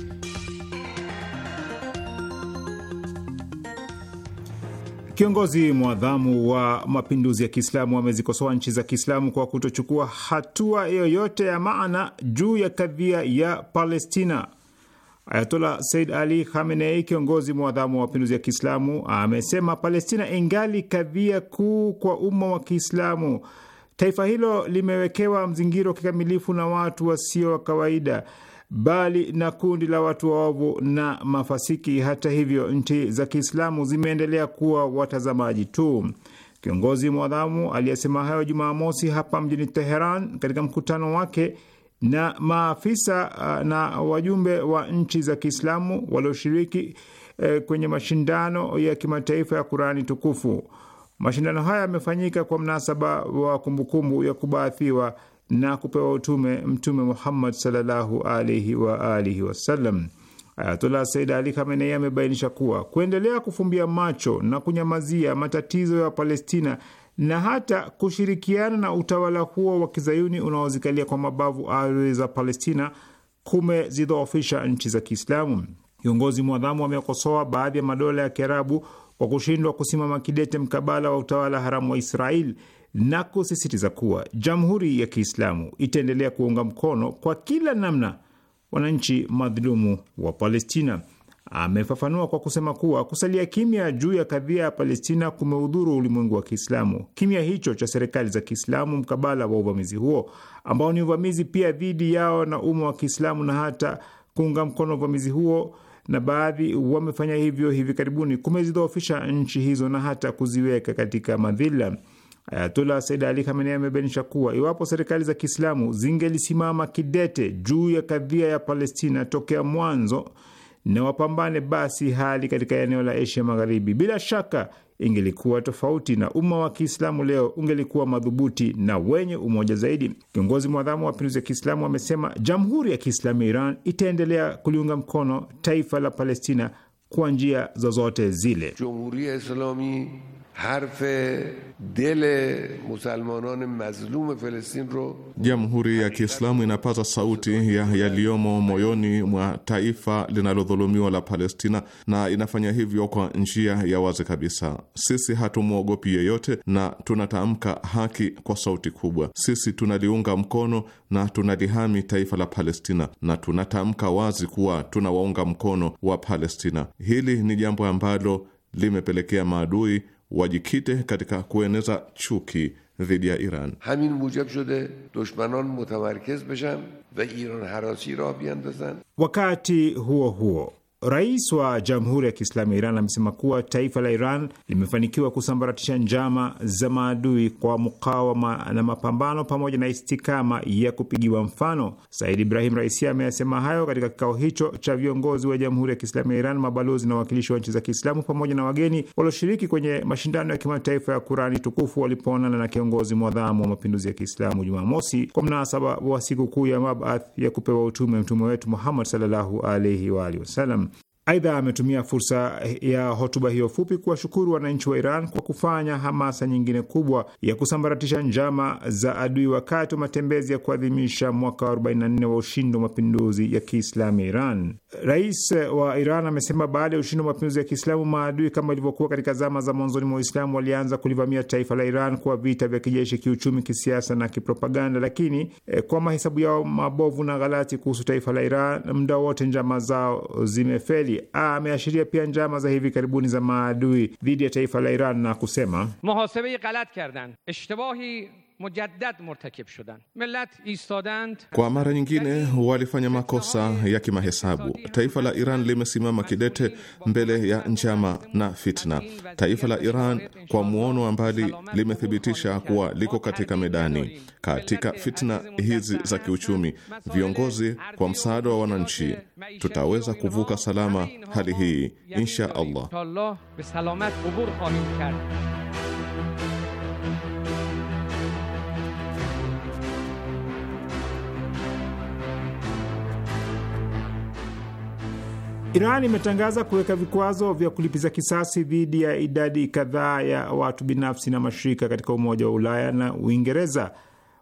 Kiongozi mwadhamu wa mapinduzi ya Kiislamu amezikosoa nchi za Kiislamu kwa kutochukua hatua yoyote ya maana juu ya kadhia ya Palestina. Ayatola Said Ali Khamenei, kiongozi mwadhamu wa mapinduzi ya Kiislamu, amesema Palestina ingali kadhia kuu kwa umma wa Kiislamu. Taifa hilo limewekewa mzingiro kikamilifu na watu wasio wa kawaida, bali na kundi la watu waovu na mafasiki. Hata hivyo, nchi za Kiislamu zimeendelea kuwa watazamaji tu. Kiongozi mwadhamu aliyesema hayo Jumaa mosi hapa mjini Teheran katika mkutano wake na maafisa uh, na wajumbe wa nchi za Kiislamu walioshiriki uh, kwenye mashindano ya kimataifa ya Qurani tukufu. Mashindano haya yamefanyika kwa mnasaba wa kumbukumbu ya kubaathiwa na kupewa utume Mtume Muhammad sallallahu alihi wa alihi wasallam. Said Ali Khamenei amebainisha kuwa kuendelea kufumbia macho na kunyamazia matatizo ya Palestina na hata kushirikiana na utawala huo wa kizayuni unaozikalia kwa mabavu ardhi za Palestina kumezidhoofisha nchi za Kiislamu. Kiongozi mwadhamu wamekosoa baadhi ya madola ya Kiarabu kwa kushindwa kusimama kidete mkabala wa utawala haramu wa Israel na kusisitiza kuwa Jamhuri ya Kiislamu itaendelea kuunga mkono kwa kila namna wananchi madhulumu wa Palestina amefafanua kwa kusema kuwa kusalia kimya juu ya kadhia ya Palestina kumeudhuru ulimwengu wa Kiislamu. Kimya hicho cha serikali za Kiislamu mkabala wa uvamizi huo ambao ni uvamizi pia dhidi yao na umma wa Kiislamu na hata kuunga mkono uvamizi huo, na baadhi wamefanya hivyo hivi karibuni, kumezidhoofisha nchi hizo na hata kuziweka katika madhila. Ayatullah Said Ali Khamenei amebainisha kuwa iwapo serikali za Kiislamu zingelisimama kidete juu ya kadhia ya Palestina tokea mwanzo na wapambane basi hali katika eneo la Asia Magharibi. Bila shaka ingelikuwa tofauti na umma wa Kiislamu leo ungelikuwa madhubuti na wenye umoja zaidi. Kiongozi mwadhamu wa mapinduzi ya Kiislamu amesema Jamhuri ya Kiislamu ya Iran itaendelea kuliunga mkono taifa la Palestina kwa njia zozote zile. Jamhuri ya Islami حرف دل Jamhuri ya Kiislamu inapaza sauti ya yaliyomo moyoni mwa taifa linalodhulumiwa la Palestina na inafanya hivyo kwa njia ya wazi kabisa. Sisi hatumwogopi yeyote na tunatamka haki kwa sauti kubwa. Sisi tunaliunga mkono na tunalihami taifa la Palestina na tunatamka wazi kuwa tunawaunga mkono wa Palestina. Hili ni jambo ambalo limepelekea maadui wajikite katika kueneza chuki dhidi ya Iran. Hamin mujab shode dushmanan mutamarkez beshan va Iran harasi ra biandazan. Wakati huo huo Rais wa Jamhuri ya Kiislamu ya Iran amesema kuwa taifa la Iran limefanikiwa kusambaratisha njama za maadui kwa mukawama na mapambano pamoja na istikama ya kupigiwa mfano. Said Ibrahim Raisi ameyasema hayo katika kikao hicho cha viongozi wa Jamhuri ya Kiislamu ya Iran, mabalozi na wawakilishi wa nchi za Kiislamu pamoja na wageni walioshiriki kwenye mashindano ya kimataifa ya Kurani tukufu walipoonana na kiongozi mwadhamu wa mapinduzi ya Kiislamu Jumamosi kwa mnasaba wa sikukuu ya mabath ya kupewa utume mtume wetu Muhammad sallallahu alaihi wa alihi wasallam. Aidha, ametumia fursa ya hotuba hiyo fupi kuwashukuru wananchi wa Iran kwa kufanya hamasa nyingine kubwa ya kusambaratisha njama za adui wakati wa matembezi ya kuadhimisha mwaka 44 wa ushindi wa mapinduzi ya Kiislamu ya Iran. Rais wa Iran amesema baada ya ushindi wa mapinduzi ya Kiislamu, maadui kama ilivyokuwa katika zama za mwanzoni mwa Uislamu walianza kulivamia taifa la Iran kwa vita vya kijeshi, kiuchumi, kisiasa na kipropaganda, lakini eh, kwa mahesabu yao mabovu na ghalati kuhusu taifa la Iran, muda wote njama zao zimefeli. Ismaili ameashiria pia njama za hivi karibuni za maadui dhidi ya taifa la Iran na kusema muhasabe galat kardan ishtibahi kwa mara nyingine walifanya makosa ya kimahesabu. Taifa la Iran limesimama kidete mbele ya njama na fitna. Taifa la Iran kwa muono wa mbali limethibitisha kuwa liko katika medani. Katika fitna hizi za kiuchumi, viongozi kwa msaada wa wananchi, tutaweza kuvuka salama hali hii insha Allah. Iran imetangaza kuweka vikwazo vya kulipiza kisasi dhidi ya idadi kadhaa ya watu binafsi na mashirika katika Umoja wa Ulaya na Uingereza.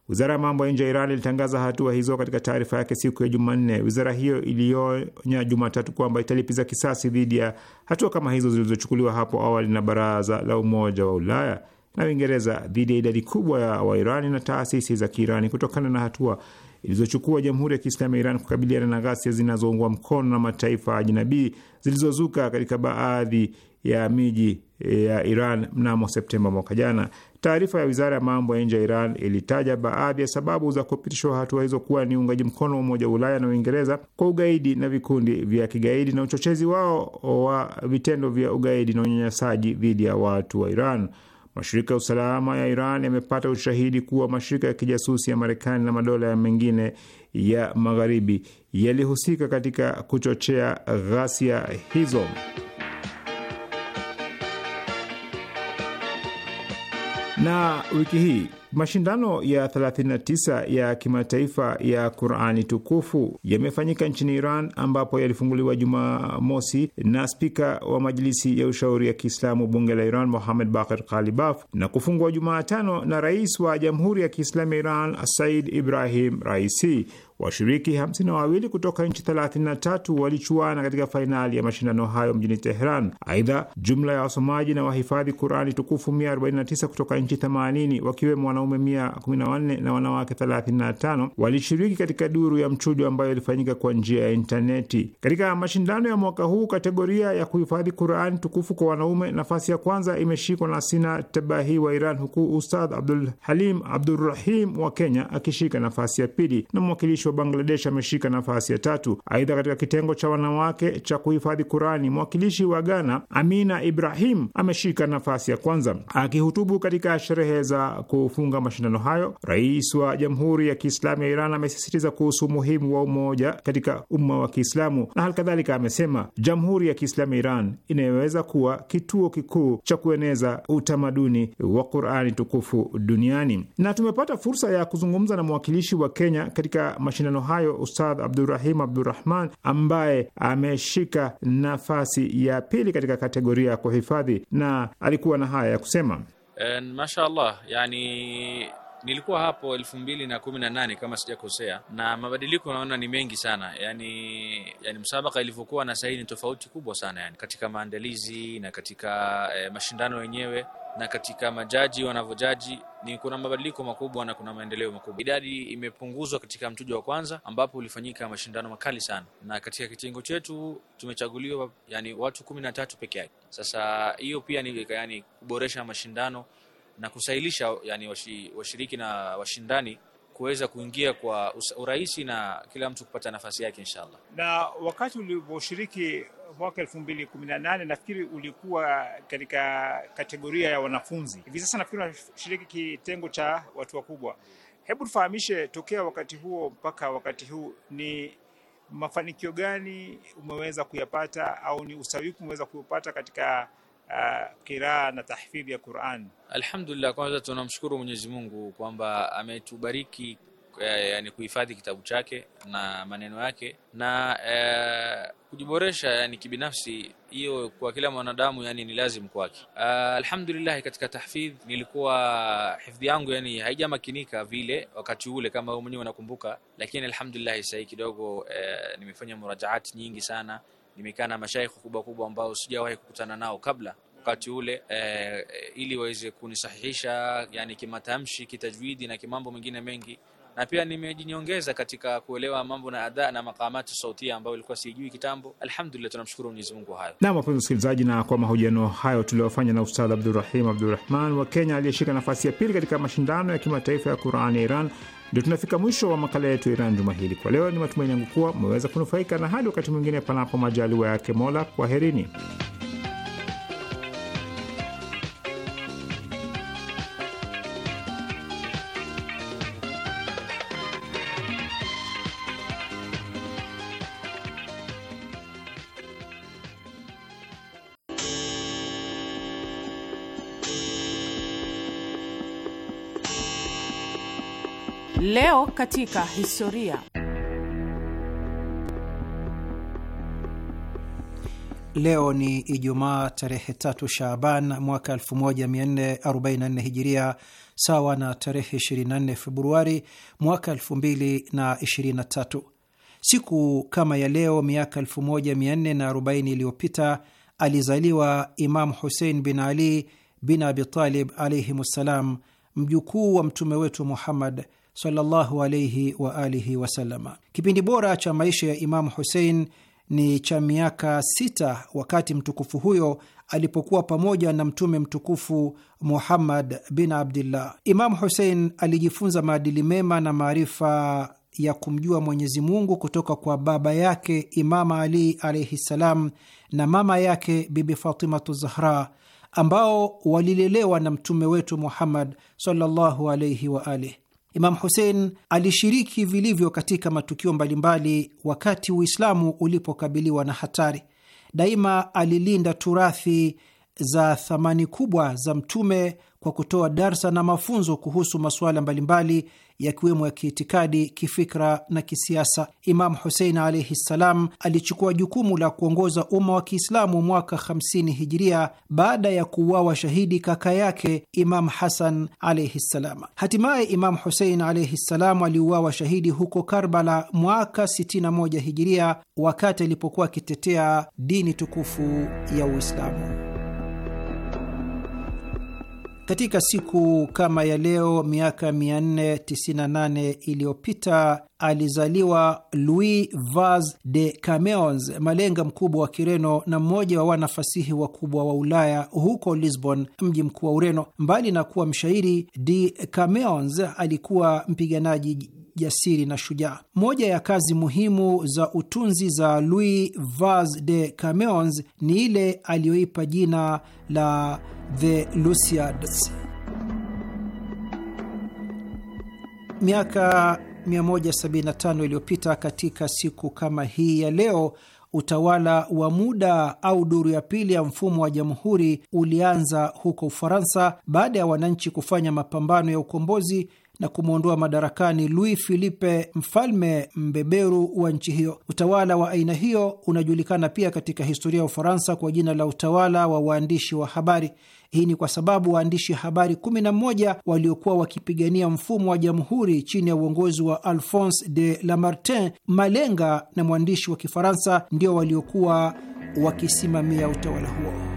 Wizara ya mambo ya nje ya Iran ilitangaza hatua hizo katika taarifa yake siku ya Jumanne. Wizara hiyo ilionya Jumatatu kwamba italipiza kisasi dhidi ya hatua kama hizo zilizochukuliwa hapo awali na Baraza la Umoja wa Ulaya na Uingereza dhidi ya idadi kubwa ya Wairani na taasisi za Kiirani kutokana na hatua ilizochukua Jamhuri ya Kiislamu ya Iran kukabiliana na ghasia zinazoungwa mkono na mataifa ajinabii zilizozuka katika baadhi ya miji e, ya Iran mnamo Septemba mwaka jana. Taarifa ya wizara ya mambo ya nje ya Iran ilitaja baadhi ya sababu za kupitishwa hatua hizo kuwa ni uungaji mkono wa Umoja wa Ulaya na Uingereza kwa ugaidi na vikundi vya kigaidi na uchochezi wao wa vitendo vya ugaidi na unyanyasaji dhidi ya watu wa Iran. Mashirika ya usalama ya Iran yamepata ushahidi kuwa mashirika ya kijasusi ya Marekani na madola mengine ya magharibi yalihusika katika kuchochea ghasia hizo. Na wiki hii mashindano ya 39 ya kimataifa ya Qurani tukufu yamefanyika nchini Iran ambapo yalifunguliwa Jumamosi na spika wa majilisi ya ushauri ya Kiislamu bunge la Iran Mohamed Bakir Kalibaf na kufungwa Jumatano na rais wa jamhuri ya Kiislamu ya Iran Said Ibrahim Raisi. Washiriki hamsini na wawili kutoka nchi thelathini na tatu walichuana katika fainali ya mashindano hayo mjini Teheran. Aidha, jumla ya wasomaji na wahifadhi Qurani tukufu 149 kutoka nchi 80 wakiwemo wanaume 114 na wanawake 35 walishiriki katika duru ya mchujo ambayo ilifanyika kwa njia ya intaneti. Katika mashindano ya mwaka huu, kategoria ya kuhifadhi Qurani tukufu kwa wanaume, nafasi ya kwanza imeshikwa na Sina Tabahi wa Iran, huku Ustadh Abdul Halim Abdurrahim wa Kenya akishika nafasi ya pili na mwakilishi wa Bangladesh ameshika nafasi ya tatu. Aidha, katika kitengo cha wanawake cha kuhifadhi Kurani, mwakilishi wa Ghana Amina Ibrahim ameshika nafasi ya kwanza. Akihutubu katika sherehe za kufunga mashindano hayo, rais wa Jamhuri ya Kiislamu ya Iran amesisitiza kuhusu umuhimu wa umoja katika umma wa Kiislamu na hali kadhalika amesema Jamhuri ya Kiislamu ya Iran inayoweza kuwa kituo kikuu cha kueneza utamaduni wa Qurani tukufu duniani. Na tumepata fursa ya kuzungumza na mwakilishi wa Kenya katika mashindano hayo Ustadh Abdurahim Abdurahman ambaye ameshika nafasi ya pili katika kategoria ya kuhifadhi, na alikuwa na haya ya kusema: Mashallah, yani nilikuwa hapo elfu mbili na kumi na nane kama sijakosea, na mabadiliko naona ni mengi sana yani, yani msabaka ilivyokuwa na sahii ni tofauti kubwa sana yani, katika maandalizi na katika eh, mashindano yenyewe na katika majaji wanavyojaji ni kuna mabadiliko makubwa na kuna maendeleo makubwa. Idadi imepunguzwa katika mchujo wa kwanza ambapo ulifanyika mashindano makali sana, na katika kitengo chetu tumechaguliwa yani watu kumi na tatu peke yake. Sasa hiyo pia ni yani kuboresha mashindano na kusahilisha yani washiriki na washindani kuweza kuingia kwa urahisi na kila mtu kupata nafasi yake inshallah. Na wakati ulivyoshiriki mwaka 2018 nafikiri ulikuwa katika kategoria ya wanafunzi, hivi sasa nafikiri unashiriki kitengo cha watu wakubwa. Hebu tufahamishe, tokea wakati huo mpaka wakati huu ni mafanikio gani umeweza kuyapata au ni usawiku umeweza kuupata katika uh, kiraa na tahfidhi ya Qur'an. Alhamdulillah, kwanza tunamshukuru Mwenyezi Mungu kwamba ametubariki eh, yani kuhifadhi kitabu chake na maneno yake na e, kujiboresha yani kibinafsi, hiyo kwa kila mwanadamu yani ni lazim kwake. Ah, alhamdulillah, katika tahfidh nilikuwa hifadhi yangu yani haijamakinika vile wakati ule, kama wewe mwenyewe unakumbuka, lakini alhamdulillah sasa kidogo e, nimefanya murajaati nyingi sana nimekaa na mashaikh kubwa kubwa ambao sijawahi kukutana nao kabla wakati ule e, ili waweze kunisahihisha yani kimatamshi, kitajwidi na kimambo mengine mengi na pia nimejinyongeza katika kuelewa mambo na adha na makamati sautia ambayo ilikuwa sijui kitambo. Alhamdulillah, tunamshukuru Mwenyezi Mungu. Hayo na wapenzi wasikilizaji, na kwa mahojiano hayo tuliyofanya na Ustadh Abdurahim Abdurahman wa Kenya aliyeshika nafasi ya pili katika mashindano ya kimataifa ya Qurani ya Iran, ndio tunafika mwisho wa makala yetu ya Iran juma hili. Kwa leo, ni matumaini yangu kuwa mmeweza kunufaika, na hadi wakati mwingine, panapo majaliwa yake Mola, kwaherini. Leo katika historia. Leo ni Ijumaa tarehe tatu Shaaban mwaka 1444 Hijiria, sawa na tarehe 24 Februari mwaka 2023. Siku kama ya leo miaka 1440 iliyopita alizaliwa Imam Husein bin Ali bin Abi Talib alaihim ssalam, mjukuu wa mtume wetu Muhammad sallallahu wa alihi wasallama. Kipindi bora cha maisha ya Imamu Husein ni cha miaka sita wakati mtukufu huyo alipokuwa pamoja na mtume mtukufu Muhammad bin Abdillah. Imamu Husein alijifunza maadili mema na maarifa ya kumjua Mwenyezi Mungu kutoka kwa baba yake Imama Ali alaihi ssalam na mama yake Bibi Fatimatu Zahra ambao walilelewa na mtume wetu Muhammad sallallahu alaihi wa alihi Imamu Husein alishiriki vilivyo katika matukio mbalimbali wakati Uislamu ulipokabiliwa na hatari. Daima alilinda turathi za thamani kubwa za Mtume kwa kutoa darsa na mafunzo kuhusu masuala mbalimbali yakiwemo ya kiitikadi, kifikra na kisiasa. Imamu Husein alaihi ssalam alichukua jukumu la kuongoza umma wa Kiislamu mwaka 50 hijiria baada ya kuuawa shahidi kaka yake Imamu Hasan alaihi ssalam. Hatimaye Imamu Husein alaihi ssalam aliuawa shahidi huko Karbala mwaka 61 hijiria wakati alipokuwa akitetea dini tukufu ya Uislamu. Katika siku kama ya leo miaka 498 iliyopita alizaliwa Louis Vaz de Camoens, malenga mkubwa wa Kireno na mmoja wa wanafasihi wakubwa wa Ulaya, huko Lisbon, mji mkuu wa Ureno. Mbali na kuwa mshairi, de Camoens alikuwa mpiganaji jasiri na shujaa. Moja ya kazi muhimu za utunzi za Louis Vaz de Camoens ni ile aliyoipa jina la The Lusiads. Miaka 175 iliyopita katika siku kama hii ya leo, utawala wa muda au duru ya pili ya mfumo wa jamhuri ulianza huko Ufaransa baada ya wananchi kufanya mapambano ya ukombozi na kumwondoa madarakani Louis Philippe, mfalme mbeberu wa nchi hiyo. Utawala wa aina hiyo unajulikana pia katika historia ya Ufaransa kwa jina la utawala wa waandishi wa habari. Hii ni kwa sababu waandishi habari 11 waliokuwa wakipigania mfumo wa jamhuri chini ya uongozi wa Alphonse de Lamartine, malenga na mwandishi wa Kifaransa, ndio waliokuwa wakisimamia utawala huo.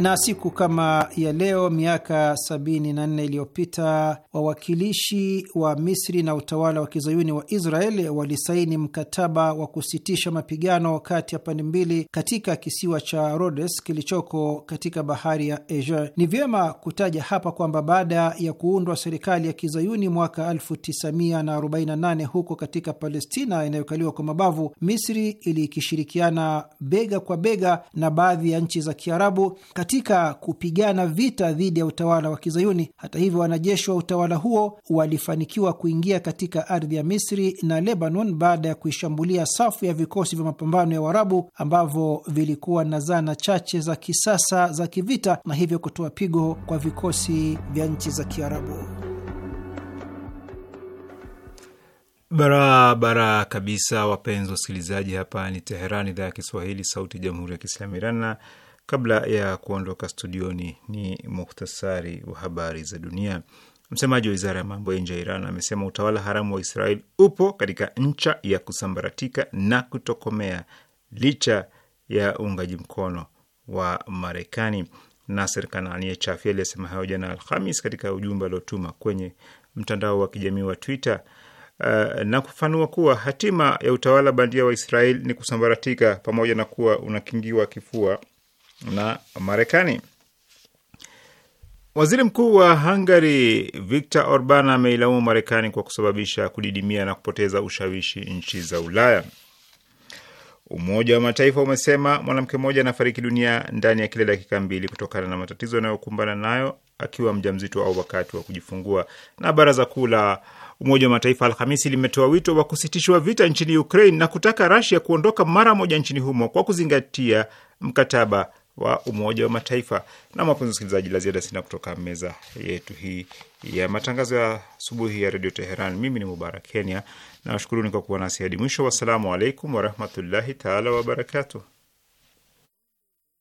Na siku kama ya leo miaka 74 iliyopita wawakilishi wa Misri na utawala wa kizayuni wa Israel walisaini mkataba wa kusitisha mapigano kati ya pande mbili katika kisiwa cha Rhodes kilichoko katika bahari ya Aegean. Ni vyema kutaja hapa kwamba baada ya kuundwa serikali ya kizayuni mwaka 1948 huko katika Palestina inayokaliwa kwa mabavu, Misri ilikishirikiana bega kwa bega na baadhi ya nchi za Kiarabu katika kupigana vita dhidi ya utawala wa Kizayuni. Hata hivyo, wanajeshi wa utawala huo walifanikiwa kuingia katika ardhi ya Misri na Lebanon baada ya kuishambulia safu ya vikosi vya mapambano ya Uarabu ambavyo vilikuwa na zana chache za kisasa za kivita na hivyo kutoa pigo kwa vikosi vya nchi za Kiarabu. Barabara kabisa, wapenzi wasikilizaji, hapa ni Teheran, idhaa ya Kiswahili, sauti ya jamhuri ya kiislamu Iran. Kabla ya kuondoka studioni, ni muhtasari wa habari za dunia. Msemaji wa wizara ya mambo ya nje ya Iran amesema utawala haramu wa Israel upo katika ncha ya kusambaratika na kutokomea licha ya uungaji mkono wa Marekani. Naser Kanani Chafi aliyesema hayo jana Alhamis katika ujumbe aliotuma kwenye mtandao wa kijamii wa Twitter uh, na kufanua kuwa hatima ya utawala bandia wa Israel ni kusambaratika pamoja na kuwa unakingiwa kifua na Marekani. Waziri mkuu wa Hungary Viktor Orban ameilaumu Marekani kwa kusababisha kudidimia na kupoteza ushawishi nchi za Ulaya. Umoja wa Mataifa umesema mwanamke mmoja anafariki dunia ndani ya kila dakika mbili kutokana na matatizo yanayokumbana nayo akiwa mjamzito au wakati wa kujifungua. Na baraza kuu la Umoja wa Mataifa Alhamisi limetoa wito wa kusitishwa vita nchini Ukraine na kutaka Rasia kuondoka mara moja nchini humo kwa kuzingatia mkataba wa Umoja wa Mataifa. Na mapenzi msikilizaji, la ziada sina kutoka meza yetu hii ya matangazo ya asubuhi ya Redio Teheran. Mimi ni Mubarak Kenya, nawashukuruni kwa kuwa nasi hadi mwisho. Wassalamu alaikum warahmatullahi taala wabarakatuh